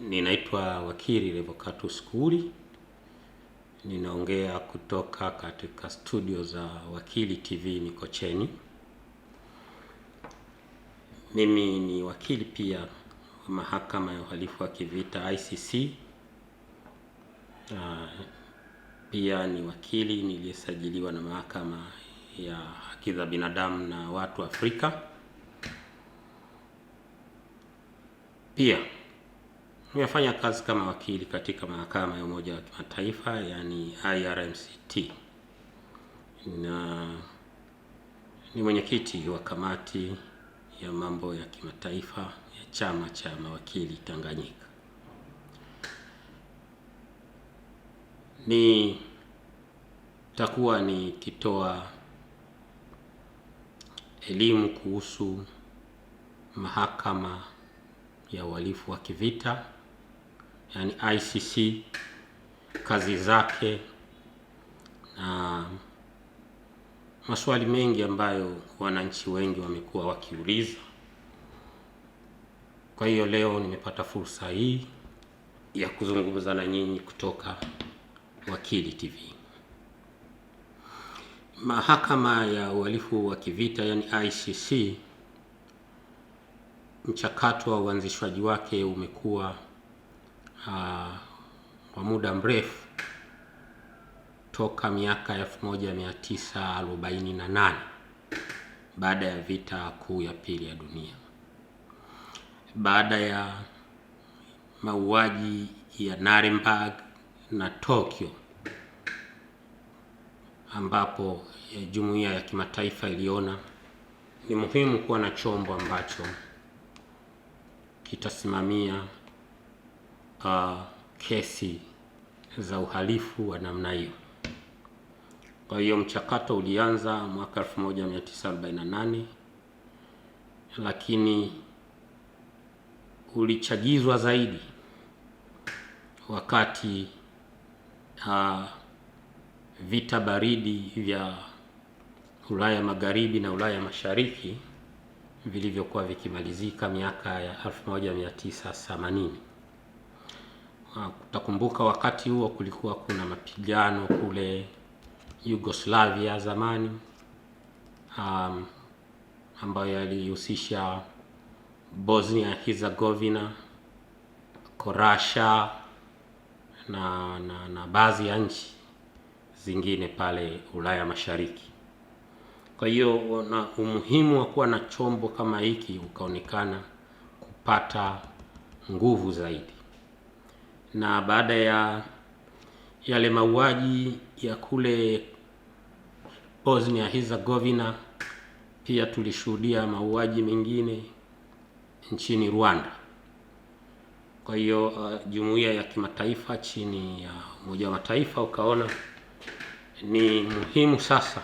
Ninaitwa Wakili Revocatus Kuhuli, ninaongea kutoka katika studio za Wakili TV Mikocheni. Mimi ni wakili pia wa mahakama ya uhalifu wa kivita ICC. Ah, pia ni wakili niliyesajiliwa na mahakama ya haki za binadamu na watu Afrika. Pia Nimefanya kazi kama wakili katika mahakama ya Umoja wa Kimataifa, yani IRMCT, na ni mwenyekiti wa kamati ya mambo ya kimataifa ya chama cha mawakili Tanganyika. Ni takuwa nikitoa elimu kuhusu mahakama ya uhalifu wa kivita yani ICC kazi zake na maswali mengi ambayo wananchi wengi wamekuwa wakiuliza. Kwa hiyo leo nimepata fursa hii ya kuzungumza na nyinyi kutoka Wakili TV. Mahakama ya uhalifu wa kivita yani ICC, mchakato wa uanzishwaji wake umekuwa Ah, kwa muda mrefu toka miaka 1948 baada ya vita kuu ya pili ya dunia, baada ya mauaji ya Nuremberg na Tokyo, ambapo eh, jumuiya ya kimataifa iliona ni muhimu kuwa na chombo ambacho kitasimamia uh, kesi za uhalifu wa namna hiyo. Kwa hiyo mchakato ulianza mwaka 1948 lakini ulichagizwa zaidi wakati uh, vita baridi vya Ulaya Magharibi na Ulaya Mashariki vilivyokuwa vikimalizika miaka ya 1980. Ah, utakumbuka wakati huo kulikuwa kuna mapigano kule Yugoslavia zamani, um, ambayo yalihusisha Bosnia Herzegovina, Korasha na, na, na baadhi ya nchi zingine pale Ulaya Mashariki. Kwa hiyo na umuhimu wa kuwa na chombo kama hiki ukaonekana kupata nguvu zaidi na baada ya yale mauaji ya kule Bosnia Herzegovina, pia tulishuhudia mauaji mengine nchini Rwanda. Kwa hiyo uh, jumuiya ya kimataifa chini ya Umoja wa Mataifa ukaona ni muhimu sasa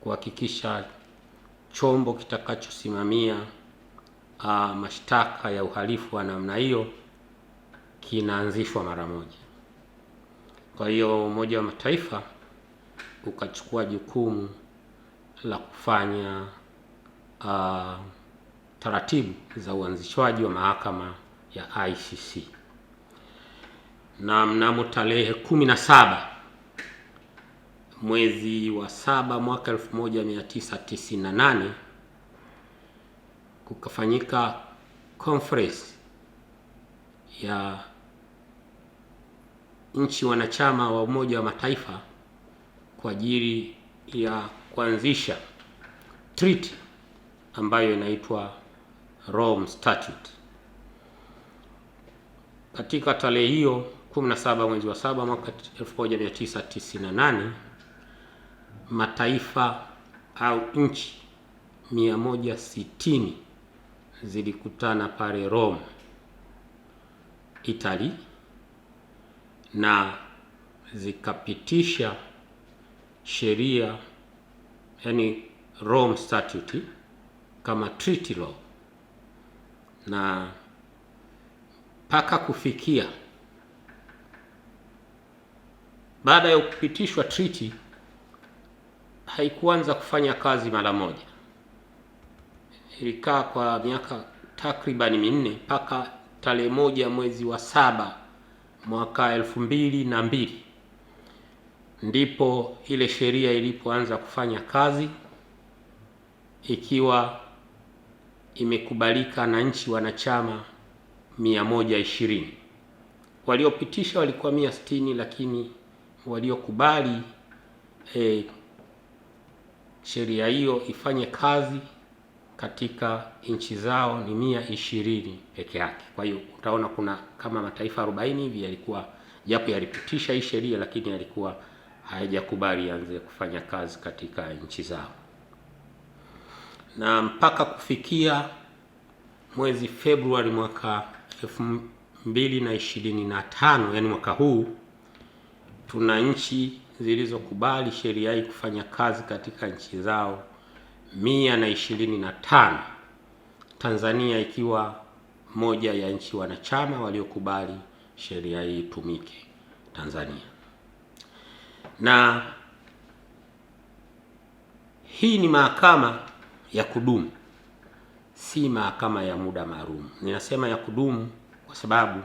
kuhakikisha chombo kitakachosimamia uh, mashtaka ya uhalifu wa namna hiyo kinaanzishwa mara moja. Kwa hiyo Umoja wa Mataifa ukachukua jukumu la kufanya uh, taratibu za uanzishwaji wa mahakama ya ICC na mnamo tarehe 17 mwezi wa saba mwaka 1998 kukafanyika conference ya nchi wanachama wa Umoja wa Mataifa kwa ajili ya kuanzisha treaty ambayo inaitwa Rome Statute. Katika tarehe hiyo 17 mwezi wa 7 mwaka 1998 mataifa au nchi 160 zilikutana pale Rome, Italy na zikapitisha sheria yani Rome Statute kama treaty law, na mpaka kufikia baada ya kupitishwa treaty haikuanza kufanya kazi mara moja, ilikaa kwa miaka takribani minne mpaka tarehe moja mwezi wa saba mwaka elfu mbili na mbili ndipo ile sheria ilipoanza kufanya kazi ikiwa imekubalika na nchi wanachama mia moja ishirini. Waliopitisha walikuwa mia sitini lakini waliokubali eh, sheria hiyo ifanye kazi katika nchi zao ni mia ishirini peke yake. Kwa hiyo utaona kuna kama mataifa 40 hivi yalikuwa japo yalipitisha hii sheria lakini yalikuwa hayajakubali anze kufanya kazi katika nchi zao, na mpaka kufikia mwezi Februari mwaka tano yani mwaka huu, tuna nchi zilizokubali sheria hii kufanya kazi katika nchi zao mia na ishirini na tano Tanzania ikiwa moja ya nchi wanachama waliokubali sheria hii itumike Tanzania. Na hii ni mahakama ya kudumu, si mahakama ya muda maalum. Ninasema ya kudumu kwa sababu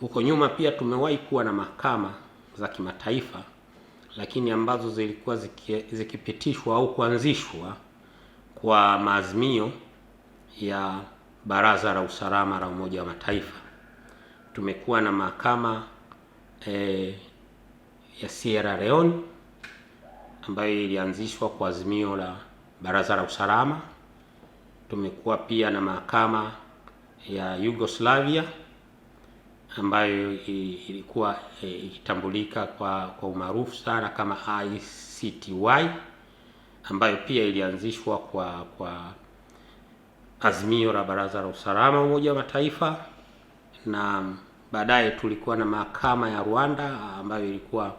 huko nyuma pia tumewahi kuwa na mahakama za kimataifa lakini ambazo zilikuwa zikipitishwa au kuanzishwa kwa maazimio ya Baraza la Usalama la Umoja wa Mataifa. Tumekuwa na mahakama e, ya Sierra Leone ambayo ilianzishwa kwa azimio la Baraza la Usalama. Tumekuwa pia na mahakama ya Yugoslavia ambayo ilikuwa e, ikitambulika kwa, kwa umaarufu sana kama ICTY ambayo pia ilianzishwa kwa kwa azimio la Baraza la Usalama wa Umoja wa Mataifa, na baadaye tulikuwa na mahakama ya Rwanda ambayo ilikuwa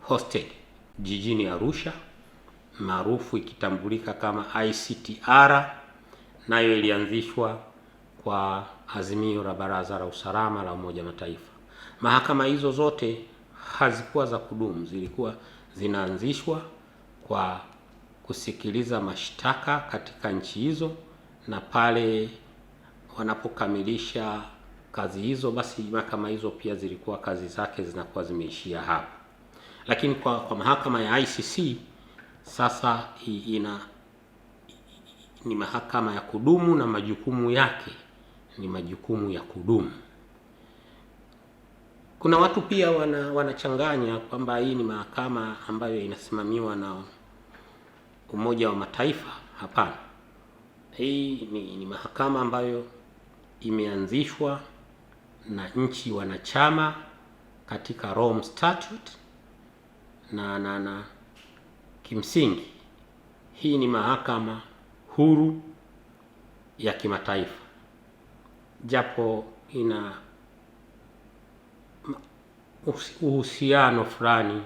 hosted jijini Arusha maarufu ikitambulika kama ICTR, nayo ilianzishwa kwa azimio la Baraza la Usalama la Umoja Mataifa. Mahakama hizo zote hazikuwa za kudumu, zilikuwa zinaanzishwa kwa kusikiliza mashtaka katika nchi hizo, na pale wanapokamilisha kazi hizo, basi mahakama hizo pia zilikuwa kazi zake zinakuwa zimeishia hapo. Lakini kwa, kwa mahakama ya ICC sasa ina ni mahakama ya kudumu na majukumu yake ni majukumu ya kudumu. Kuna watu pia wana wanachanganya kwamba hii ni mahakama ambayo inasimamiwa na Umoja wa Mataifa. Hapana, hii ni, ni mahakama ambayo imeanzishwa na nchi wanachama katika Rome Statute na, na, na kimsingi hii ni mahakama huru ya kimataifa japo ina uhusiano fulani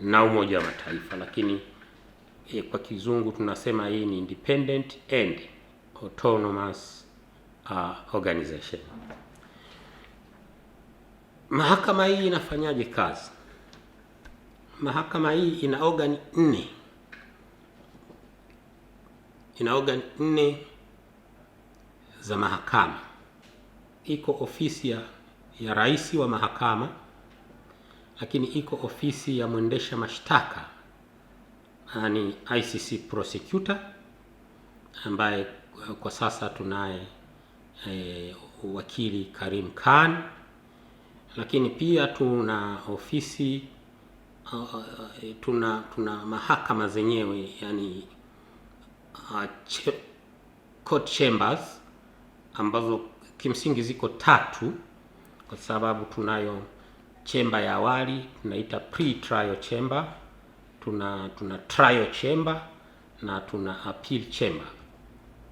na Umoja wa Mataifa, lakini e, kwa kizungu tunasema hii ni independent and autonomous uh, organization. Mahakama hii inafanyaje kazi? Mahakama hii ina organ nne, ina organ nne za mahakama. Iko ofisi ya, ya rais wa mahakama, lakini iko ofisi ya mwendesha mashtaka yani ICC prosecutor ambaye kwa sasa tunaye eh, wakili Karim Khan, lakini pia tuna ofisi uh, tuna tuna mahakama zenyewe yani uh, eh, ch court chambers ambazo kimsingi ziko tatu, kwa sababu tunayo chemba ya awali tunaita pre trial chamber, tuna tuna trial chamber na tuna appeal chamber.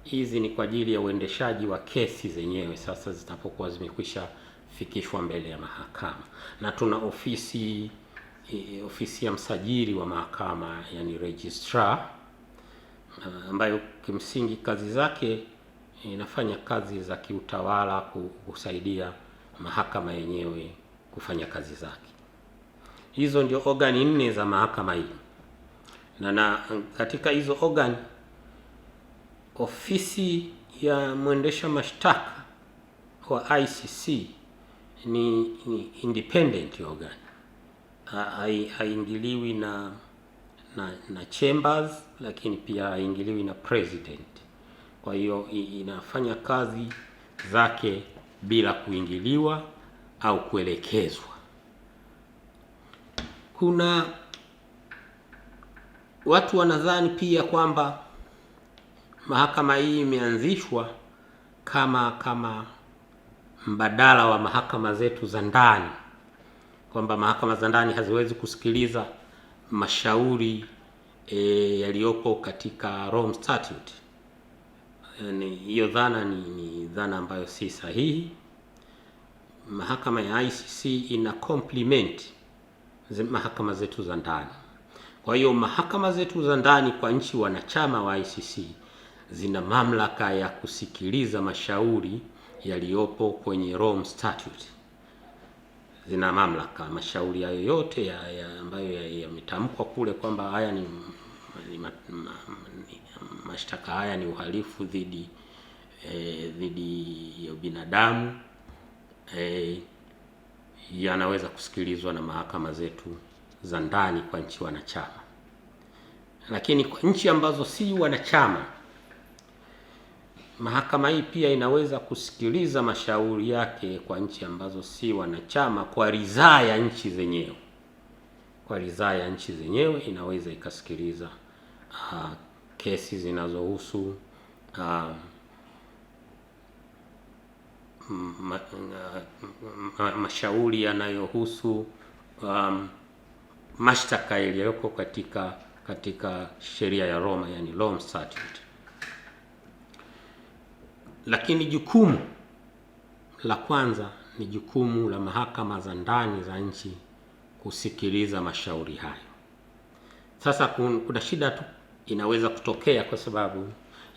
Hizi ni kwa ajili ya uendeshaji wa kesi zenyewe sasa zitapokuwa zimekwisha fikishwa mbele ya mahakama, na tuna ofisi e, ofisi ya msajili wa mahakama yani registrar ambayo kimsingi kazi zake inafanya kazi za kiutawala kusaidia mahakama yenyewe kufanya kazi zake. Hizo ndio ogani nne za mahakama hii, na na katika hizo ogani ofisi ya mwendesha mashtaka wa ICC ni, ni independent organ, haingiliwi na, na na chambers, lakini pia haingiliwi na president. Kwa hiyo inafanya kazi zake bila kuingiliwa au kuelekezwa. Kuna watu wanadhani pia kwamba mahakama hii imeanzishwa kama kama mbadala wa mahakama zetu za ndani, kwamba mahakama za ndani haziwezi kusikiliza mashauri e, eh, yaliyopo katika Rome Statute ni hiyo dhana ni, ni dhana ambayo si sahihi. Mahakama ya ICC ina complement mahakama zetu za ndani. Kwa hiyo mahakama zetu za ndani kwa nchi wanachama wa ICC zina mamlaka ya kusikiliza mashauri yaliyopo kwenye Rome Statute. Zina mamlaka mashauri hayo yote ya, ya ambayo yametamkwa ya kule kwamba haya ni, ni ma, ma, mashtaka haya ni uhalifu dhidi e, dhidi ya binadamu e, yanaweza kusikilizwa na mahakama zetu za ndani kwa nchi wanachama, lakini kwa nchi ambazo si wanachama, mahakama hii pia inaweza kusikiliza mashauri yake kwa nchi ambazo si wanachama kwa ridhaa ya nchi zenyewe. Kwa ridhaa ya nchi zenyewe inaweza ikasikiliza uh, kesi zinazohusu uh, ma, ma, mashauri yanayohusu um, mashtaka yaliyoko katika katika sheria ya Roma, yani Rome Statute. Lakini jukumu la kwanza ni jukumu la mahakama za ndani za nchi kusikiliza mashauri hayo. Sasa kuna shida tu inaweza kutokea kwa sababu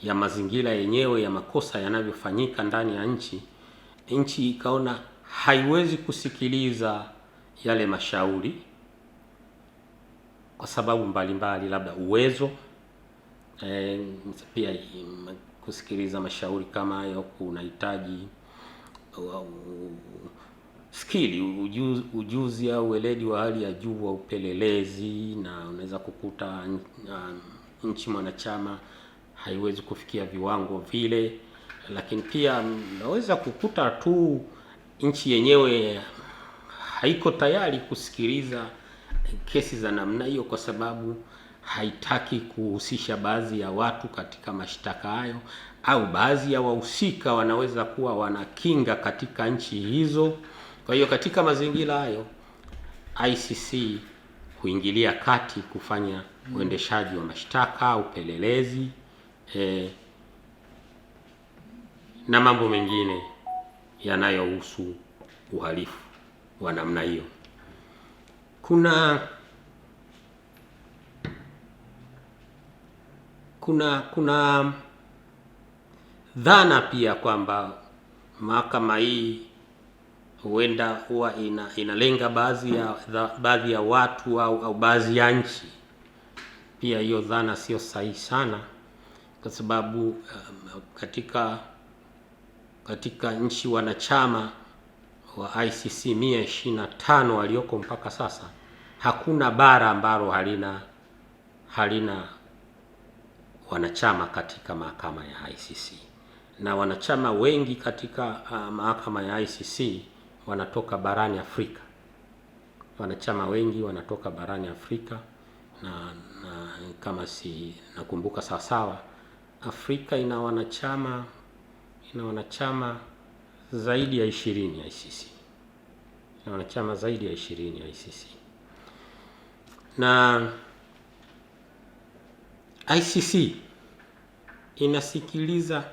ya mazingira yenyewe ya makosa yanavyofanyika ndani ya nchi, nchi ikaona haiwezi kusikiliza yale mashauri kwa sababu mbalimbali, labda uwezo eh, pia kusikiliza mashauri kama hayo kunahitaji uh, skili ujuzi, ujuzi au weledi wa hali ya juu wa upelelezi na unaweza kukuta um, nchi mwanachama haiwezi kufikia viwango vile, lakini pia naweza kukuta tu nchi yenyewe haiko tayari kusikiliza kesi za namna hiyo, kwa sababu haitaki kuhusisha baadhi ya watu katika mashtaka hayo, au baadhi ya wahusika wanaweza kuwa wanakinga katika nchi hizo. Kwa hiyo katika mazingira hayo ICC kuingilia kati kufanya uendeshaji wa mashtaka, upelelezi eh, na mambo mengine yanayohusu uhalifu wa namna hiyo. Kuna kuna kuna dhana pia kwamba mahakama hii huenda huwa ina, inalenga baadhi ya baadhi ya watu au, au baadhi ya nchi. Pia hiyo dhana sio sahihi sana, kwa sababu um, katika katika nchi wanachama wa ICC 125 walioko mpaka sasa hakuna bara ambalo halina halina wanachama katika mahakama ya ICC na wanachama wengi katika uh, mahakama ya ICC wanatoka barani Afrika, wanachama wengi wanatoka barani Afrika na, na kama si nakumbuka sawasawa, Afrika ina wanachama ina wanachama zaidi ya ishirini ya ICC ina wanachama zaidi ya ishirini ya ICC na ICC inasikiliza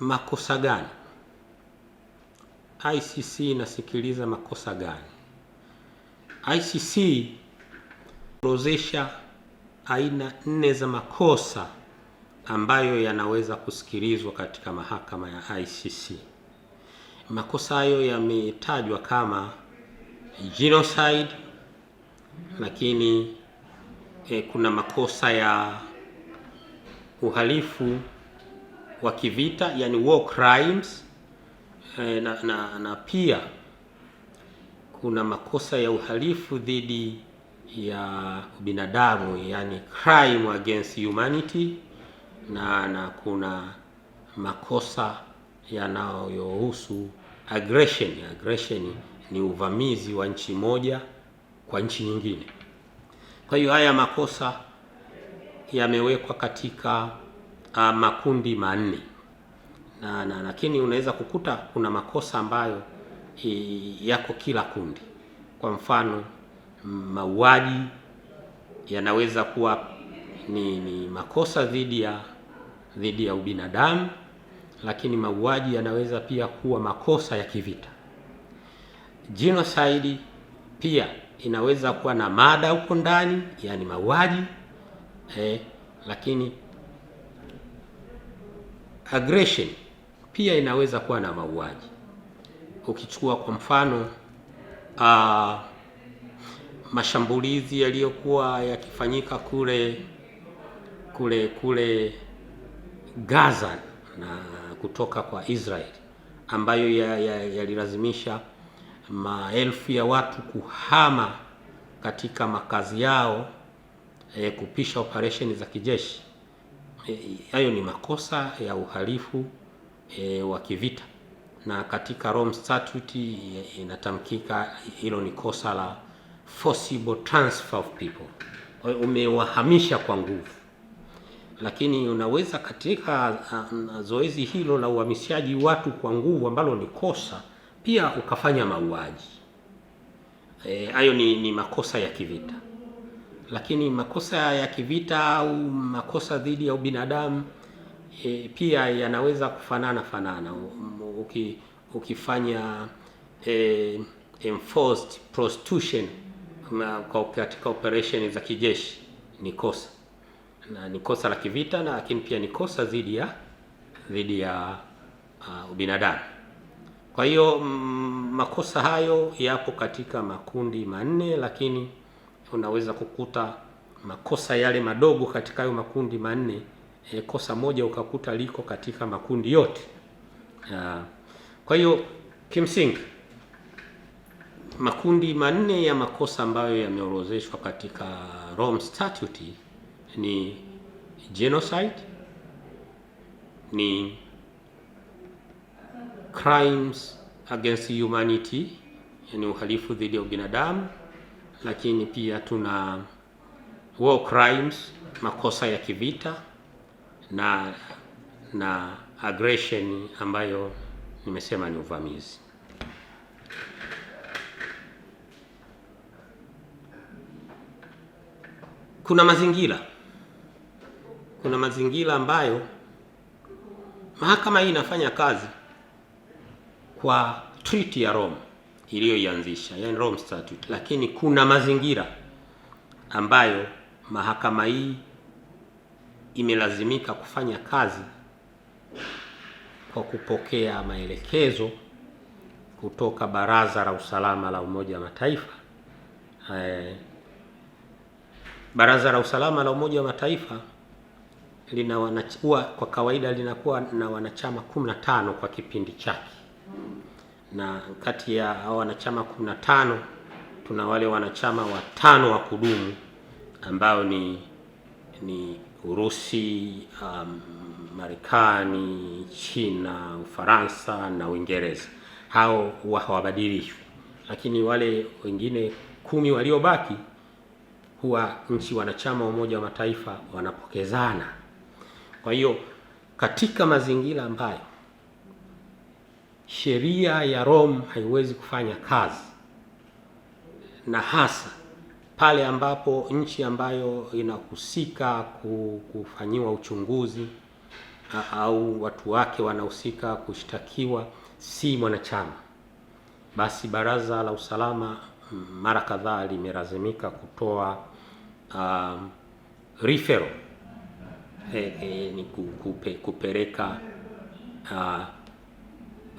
makosa gani ICC inasikiliza makosa gani? ICC orozesha aina nne za makosa ambayo yanaweza kusikilizwa katika mahakama ya ICC. Makosa hayo yametajwa kama genocide, lakini eh, kuna makosa ya uhalifu wa kivita yani war crimes Eh, na, na, na pia kuna makosa ya uhalifu dhidi ya binadamu yani crime against humanity na, na kuna makosa yanayohusu aggression. Aggression ni uvamizi wa nchi moja kwa nchi nyingine. Kwa hiyo haya makosa yamewekwa katika uh, makundi manne na, na lakini unaweza kukuta kuna makosa ambayo yako kila kundi. Kwa mfano mauaji yanaweza kuwa ni, ni makosa dhidi ya dhidi ya ubinadamu, lakini mauaji yanaweza pia kuwa makosa ya kivita. Genocide pia inaweza kuwa na mada huko ndani, yani mauaji eh, lakini aggression pia inaweza kuwa na mauaji. Ukichukua kwa mfano uh, mashambulizi yaliyokuwa yakifanyika kule kule kule Gaza na kutoka kwa Israel ambayo yalilazimisha ya, ya maelfu ya watu kuhama katika makazi yao e, kupisha operesheni za kijeshi. Eh, hayo e, ni makosa ya uhalifu e, wa kivita na katika Rome Statute e, inatamkika hilo ni kosa la forcible transfer of people, umewahamisha kwa nguvu. Lakini unaweza katika zoezi hilo la uhamishaji watu kwa nguvu ambalo ni kosa pia ukafanya mauaji e, hayo. E, ni, ni makosa ya kivita, lakini makosa ya kivita au makosa dhidi ya ubinadamu e, pia yanaweza kufanana fanana uki, ukifanya e, enforced prostitution katika operation za kijeshi ni kosa na ni kosa la kivita, na lakini pia ni kosa dhidi ya dhidi ya uh, ubinadamu. Kwa hiyo makosa hayo yapo katika makundi manne, lakini unaweza kukuta makosa yale madogo katika hayo makundi manne e, kosa moja ukakuta liko katika makundi yote. Ah, kwa hiyo kimsingi makundi manne ya makosa ambayo yameorozeshwa katika Rome Statute ni genocide, ni crimes against humanity, yani uhalifu dhidi ya ubinadamu, lakini pia tuna war crimes, makosa ya kivita na na aggression ambayo nimesema ni uvamizi. Kuna mazingira, kuna mazingira ambayo mahakama hii inafanya kazi kwa treaty ya Rome iliyoianzisha, yani Rome Statute, lakini kuna mazingira ambayo mahakama hii imelazimika kufanya kazi kwa kupokea maelekezo kutoka Baraza la Usalama la Umoja wa Mataifa. E, Baraza la Usalama la Umoja wa Mataifa lina wanachua, kwa kawaida linakuwa na wanachama 15 kwa kipindi chake, na kati ya hao wanachama 15 tuna wale wanachama watano wa kudumu ambao ni ni Urusi, um, Marekani, China, Ufaransa na Uingereza. Hao huwa hawabadilishwi, lakini wale wengine kumi waliobaki huwa nchi wanachama wa Umoja wa Mataifa wanapokezana. Kwa hiyo katika mazingira ambayo sheria ya Rome haiwezi kufanya kazi na hasa pale ambapo nchi ambayo inahusika kufanyiwa uchunguzi au watu wake wanahusika kushtakiwa si mwanachama, basi Baraza la Usalama mara kadhaa limelazimika kutoa um, referral eh, eh, ni kupe, kupeleka uh,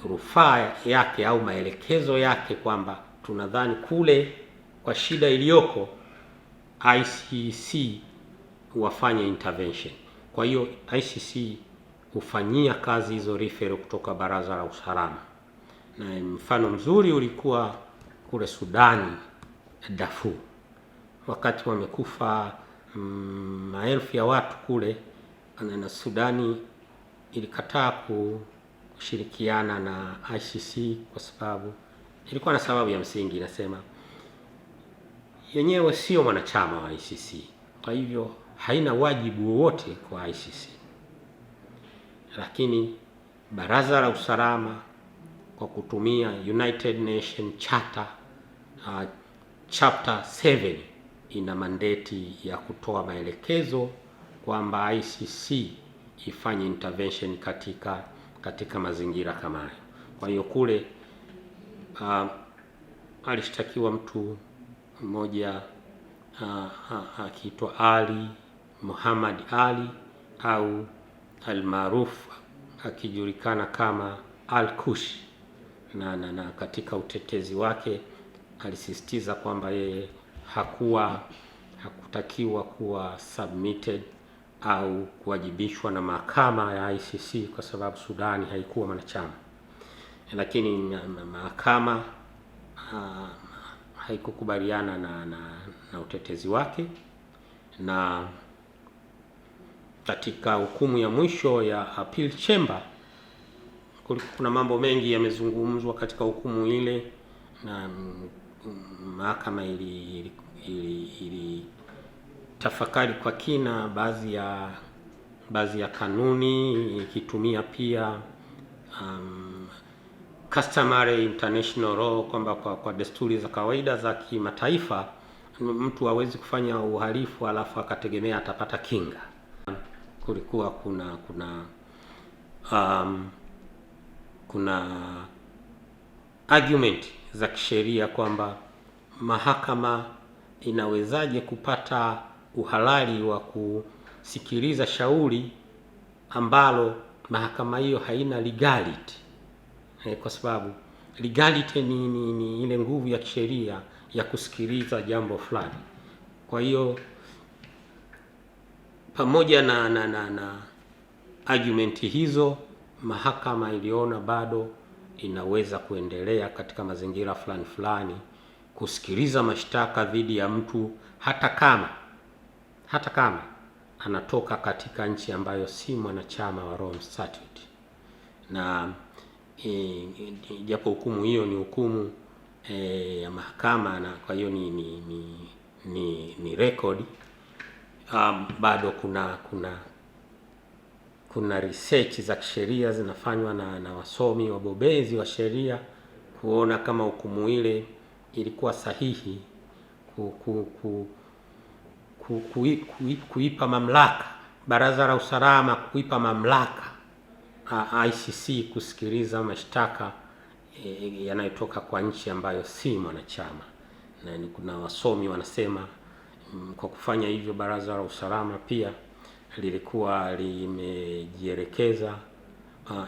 rufaa yake au maelekezo yake kwamba tunadhani kule kwa shida iliyoko ICC wafanye intervention. Kwa hiyo ICC hufanyia kazi hizo referral kutoka Baraza la Usalama, na mfano mzuri ulikuwa kule Sudani dafu wakati wamekufa mm, maelfu ya watu kule, na Sudani ilikataa kushirikiana na ICC kwa sababu ilikuwa na sababu ya msingi inasema yenyewe sio mwanachama wa ICC, kwa hivyo haina wajibu wowote kwa ICC, lakini Baraza la Usalama kwa kutumia United Nations Charter uh, chapter 7 ina mandeti ya kutoa maelekezo kwamba ICC ifanye intervention katika katika mazingira kama hayo. Kwa hiyo kule uh, alishtakiwa mtu mmoja ah, ah, ah, akiitwa Ali Muhammad Ali au almaarufu akijulikana kama Al-Kush na, na, na katika utetezi wake alisisitiza kwamba yeye hakuwa hakutakiwa kuwa submitted au kuwajibishwa na mahakama ya ICC kwa sababu Sudani haikuwa mwanachama, lakini mahakama haikukubaliana na, na, na utetezi wake na katika hukumu ya mwisho ya appeal chamber kuna mambo mengi yamezungumzwa katika hukumu ile, na mahakama ili, ili, ili, ili tafakari kwa kina baadhi ya baadhi ya kanuni ikitumia pia um, customary international law kwamba kwa, kwa desturi za kawaida za kimataifa mtu hawezi kufanya uhalifu alafu akategemea atapata kinga. Kulikuwa kuna kuna um, kuna argument za kisheria kwamba mahakama inawezaje kupata uhalali wa kusikiliza shauri ambalo mahakama hiyo haina legality eh, kwa sababu legality ni, ni, ni ile nguvu ya kisheria ya kusikiliza jambo fulani. Kwa hiyo pamoja na, na, na, na argument hizo, mahakama iliona bado inaweza kuendelea katika mazingira fulani fulani kusikiliza mashtaka dhidi ya mtu hata kama hata kama anatoka katika nchi ambayo si mwanachama wa Rome Statute na e, japo hukumu hiyo ni hukumu e, ya mahakama na kwa hiyo ni ni, ni, ni, ni record um, bado kuna kuna kuna research za kisheria zinafanywa na, na wasomi wabobezi wa sheria kuona kama hukumu ile ilikuwa sahihi ku, ku, ku, ku, ku, ku, kuipa mamlaka Baraza la Usalama kuipa mamlaka ICC kusikiliza mashtaka e, e, yanayotoka kwa nchi ambayo si mwanachama, na kuna wasomi wanasema mm, kwa kufanya hivyo Baraza la Usalama pia lilikuwa limejielekeza uh,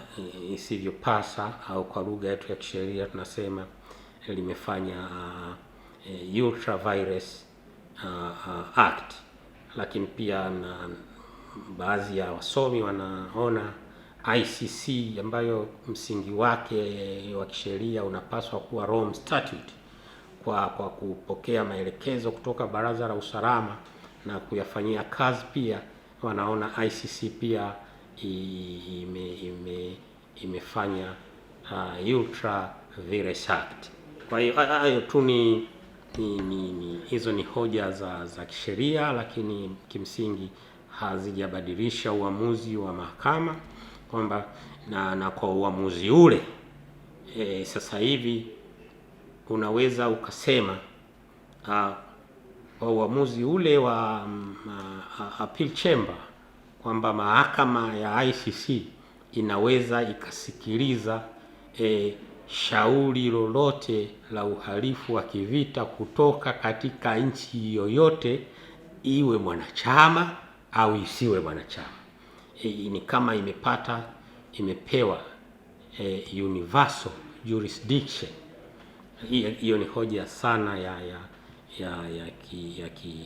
isivyopasa au kwa lugha yetu ya kisheria tunasema limefanya e, uh, virus uh, uh, act, lakini pia na baadhi ya wasomi wanaona ICC ambayo msingi wake wa kisheria unapaswa kuwa Rome Statute kwa, kwa kupokea maelekezo kutoka Baraza la Usalama na kuyafanyia kazi, pia wanaona ICC pia ime, ime, imefanya uh, ultra vires act. Kwa hiyo hayo tu ni hizo ni, ni, ni hoja za, za kisheria, lakini kimsingi hazijabadilisha uamuzi wa mahakama kwamba na, na kwa uamuzi ule e, sasa hivi unaweza ukasema a, kwa uamuzi ule wa m, mm, a, appeal chamber kwamba mahakama ya ICC inaweza ikasikiliza e, shauri lolote la uhalifu wa kivita kutoka katika nchi yoyote iwe mwanachama au isiwe mwanachama. Eh, ni kama imepata imepewa e, universal jurisdiction. Hiyo ni hoja sana ya ya ya ya ki, ya, ki,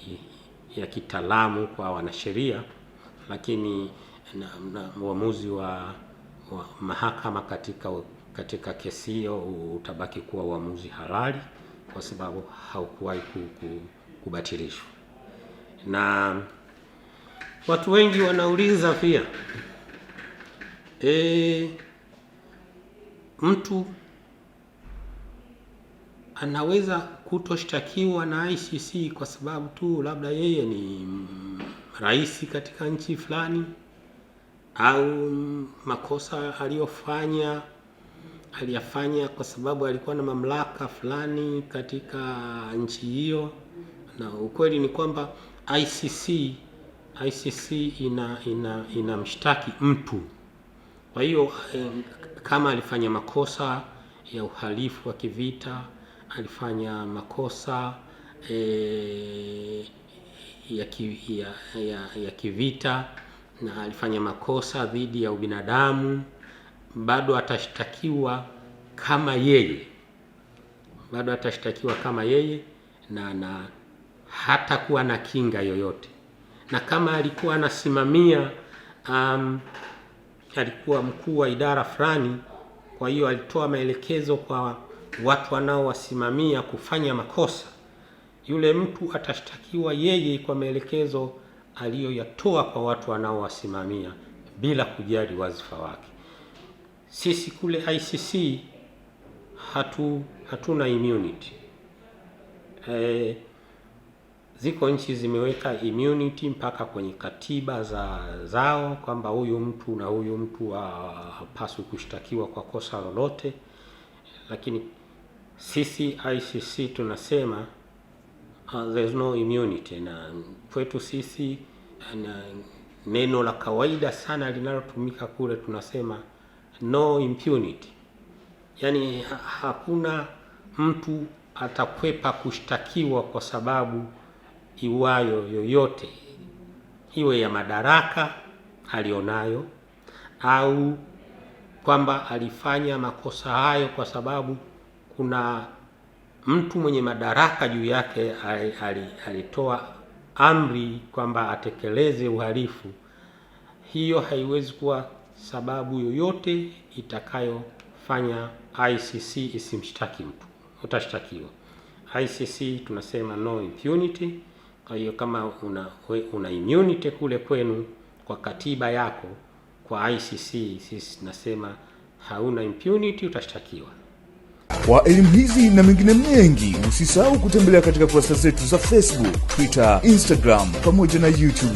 ya kitaalamu kwa wanasheria, lakini uamuzi wa, wa mahakama katika katika kesi hiyo utabaki kuwa uamuzi halali kwa sababu haukuwahi kubatilishwa na Watu wengi wanauliza pia e, mtu anaweza kutoshtakiwa na ICC kwa sababu tu labda yeye ni rais katika nchi fulani au makosa aliyofanya aliyafanya kwa sababu alikuwa na mamlaka fulani katika nchi hiyo, na ukweli ni kwamba ICC ICC ina ina inamshtaki mtu. Kwa hiyo eh, kama alifanya makosa ya uhalifu wa kivita, alifanya makosa e, ya, ki, ya, ya, ya kivita na alifanya makosa dhidi ya ubinadamu, bado atashtakiwa kama yeye, bado atashtakiwa kama yeye na, na hatakuwa na kinga yoyote na kama alikuwa anasimamia um, alikuwa mkuu wa idara fulani, kwa hiyo alitoa maelekezo kwa watu wanaowasimamia kufanya makosa, yule mtu atashtakiwa yeye kwa maelekezo aliyoyatoa kwa watu wanaowasimamia bila kujali wadhifa wake. Sisi kule ICC hatu hatuna immunity eh, Ziko nchi zimeweka immunity mpaka kwenye katiba za zao kwamba huyu mtu na huyu mtu hapaswi kushtakiwa kwa kosa lolote, lakini sisi ICC tunasema uh, there's no immunity. Na kwetu sisi na neno la kawaida sana linalotumika kule tunasema no impunity, yaani hakuna mtu atakwepa kushtakiwa kwa sababu iwayo yoyote, iwe ya madaraka alionayo au kwamba alifanya makosa hayo kwa sababu kuna mtu mwenye madaraka juu yake alitoa amri kwamba atekeleze uhalifu, hiyo haiwezi kuwa sababu yoyote itakayofanya ICC isimshtaki mtu, utashtakiwa. ICC tunasema no impunity. Kwa hiyo kama una, una immunity kule kwenu kwa katiba yako kwa ICC, sisi tunasema hauna impunity, utashtakiwa. Kwa elimu hizi na mengine mengi, usisahau kutembelea katika kurasa zetu za Facebook, Twitter, Instagram pamoja na YouTube.